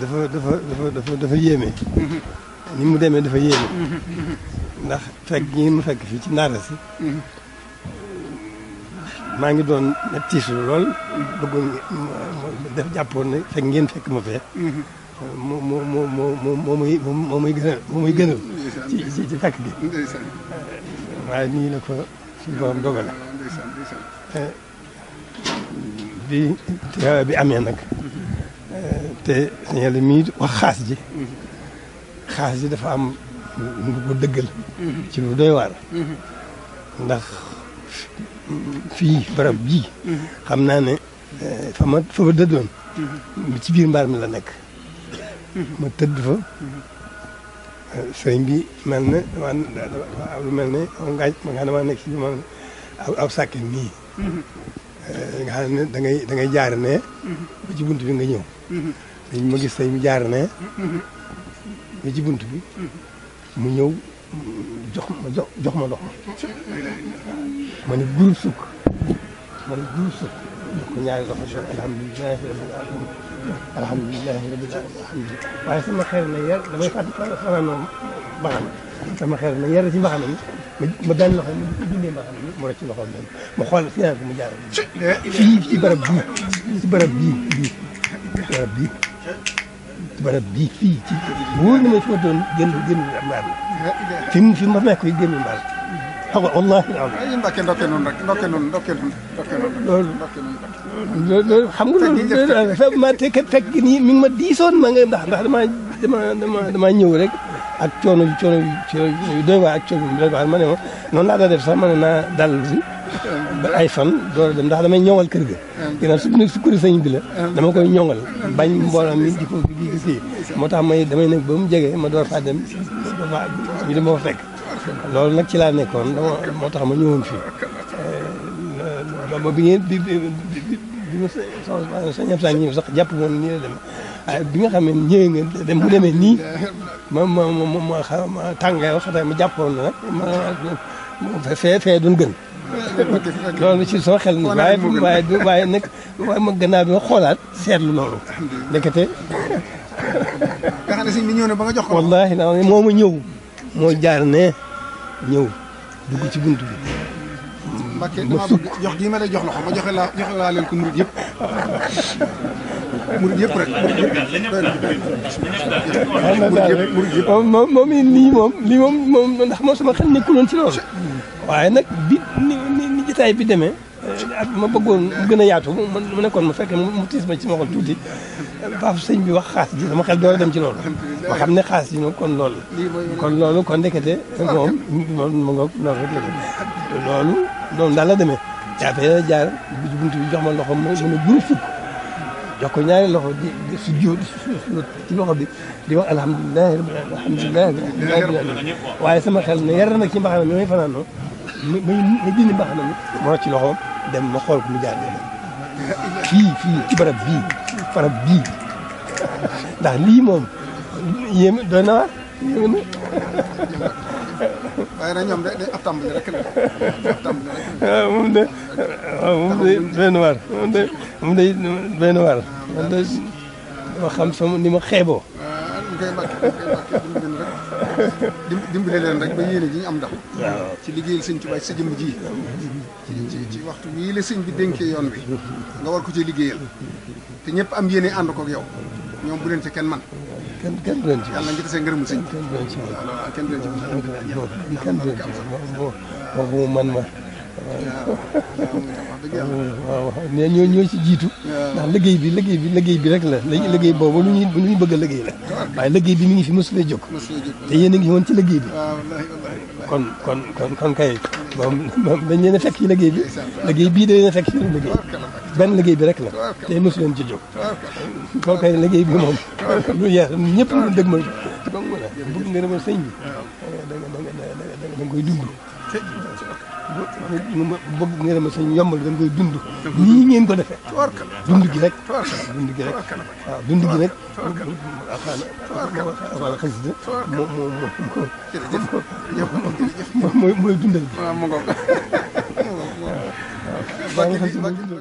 dafa dafa dafa dafa dafa yéeme. ni mu demee dafa yéeme. ndax fekk ñi mu fekk fii ci naara si. maa ngi doon tiisu lool. bëggoon def jàppoon ne fekk ngeen fekk ma fee. moo moo moo moo moo muy gënal moo muy gënal. ci fekk bi. waaye nii la ko suñu borom dogale. bi bi amee nag. te sëñ Aliou mii wax xaas ji xaas ji dafa am lu ko dëggal ci lu doy waar ndax fii barab bii xam naa ne eh, fa ma fa ma dëddoon ci biir mbaar mi la nekk ma tëdd fa sëñ mel ne mel ne ngaaj ma nga damaa nekk ci ma aw aw sàkkin nii mm-hmm. eh, nga jaar ne mm-hmm. ba ci bunt bi nga ñëw mm-hmm. dañ ma gis tey mu jaar ne ñu ci bunt bi mu ñëw jox ma jox jox ma ndox ma ma ne groupe sukk ma ne groupe sukk jox ko ñaari loxo jox alhamdulilah rabbil alamin alhamdulilah rabbil alamin waaye sama xeer na yar damay fàtt xanaa noonu mbaxam sama xeer na yar ci mbaxam ma ma benn loxo ma dundee mbaxam mu rëcc loxo benn ma xool fi naa ko mu jaar fii ci barab bii ci barab bii bii barab bii barab bii fii ci wóor na ma fi ma doon génn génn mbaar fi ma nekk yi génn mbaar xaw wallahi ay mbakke ndokke noonu rek ndokke noonu ndokke noonu ndokke noonu loolu xam nga loolu fa te fekk nii mi ngi ma diisoon ma nga ndax ndax dama dama ñëw rek ak coono coono coono doy waa ak coono ma ne ma laa da def ma ne naa dal si ay fan door da dem ndax damay ñoŋal kër ga. ginnaaw su ne su kuréel sëñ bi la. dama koy ñoŋal bañ mbooloo mi di ko di ko moo tax may damay nekk ba mu jege ma door faa dem ba loolu nag ci laa nekkoon dama moo tax ma ñëwoon fii ba bi ngeen ñëw sax jàpp moom nii la dem waaye bi nga xam ne ñëwee nga dem bu nii ma ma ma ma tàngaay wax ma jàppoon nag ma fee fee gën. loolu ci sama xel na waaye waaye waaye nag waaye ma gannaaw ma xoolaat seetlu loolu nekkate nga xam ne sëñ bi ba nga jox ko wallaahi naa ne moo moo jaar ne ñëw dugg ci bunt bi Mbàkke damaa bëgg jox gii ma lay jox loxo ma joxe laa joxe laa leen ko murid yëpp murid yëpp rek moom moom lii moom lii moom moom ndax moom sama xel ci loolu waaye nag bi jotaay bi demee euh, ma bëggoon mu gën a yaatu mu nekkoon mu fekkee mu tiis ma ci ma xol tuuti baaf sëñ bi wax xaas ji sama xel door a dem ci loolu xam ne xaas ji nag kon loolu kon loolu kon ndekete moom mu nga noonu rek la loolu loolu daal la demee jaafee jaar bi buntu bi jox ma loxo mën a juróom fukk jox ko ñaari loxo di di su jiw ci loxo bi di wax alhamdulilah alhamdulilah alhamdulilah waaye sama xel ne yar na ci mbaxana mi may fanaanoo mu mu mu dindi mbaax nañu. moo ci loxoom dem ma xool ko mu jaar dee. fii fii ci barab bii barab bii ndax lii moom yéem doy na waar yéem na. waaye nag ñoom day day ab tàmbali rek la ab tàmbali rek la. moom de waaw moom de doy na waar moom de moom de doy na waar man de dama xam sama ni ma xeeboo. ñu koy mbàkk leen rek dimbali leen rek am ndax ci liggéeyal sëñ Tuubaa sa jëm ji ci ci waxtu wii la sëñ bi dénkee yoon bi nga war ko ci liggéeyal te ñëpp am yéene ànd ko ak yow ñoom bu leen ci kenn man kenn kenn du leen ci yàlla nga gisee sëñ bi kenn du leen ci man ma waaw waaw ne ñoo ñoo ci jiitu ndax liggéey bi liggéey bi liggéey bi rek la liggéey boobu lu ñuy lu ñu bëgg liggéey la waaye liggéey bi mi ngi fi mosulee jóg te yéen a ngi woon ci liggéey bi kon kon kon kon kay moom moom dañ leen a fekk ci liggéey bi liggéey bii dañ leen a fekk ci liggéey benn liggéey bi rek la te mosu leen ci jóg kon kay liggéey bi moom lu yees ñëpp ñu dëgg ma bëgg nga bi da nga da nga da bëgg nga demee sañ yombal dañ koy dund nii ngeen ko defee dund gi rek dund gi rek waaw dund gi rek wala xasida moo moo moo mooy dundal bi waaw waaw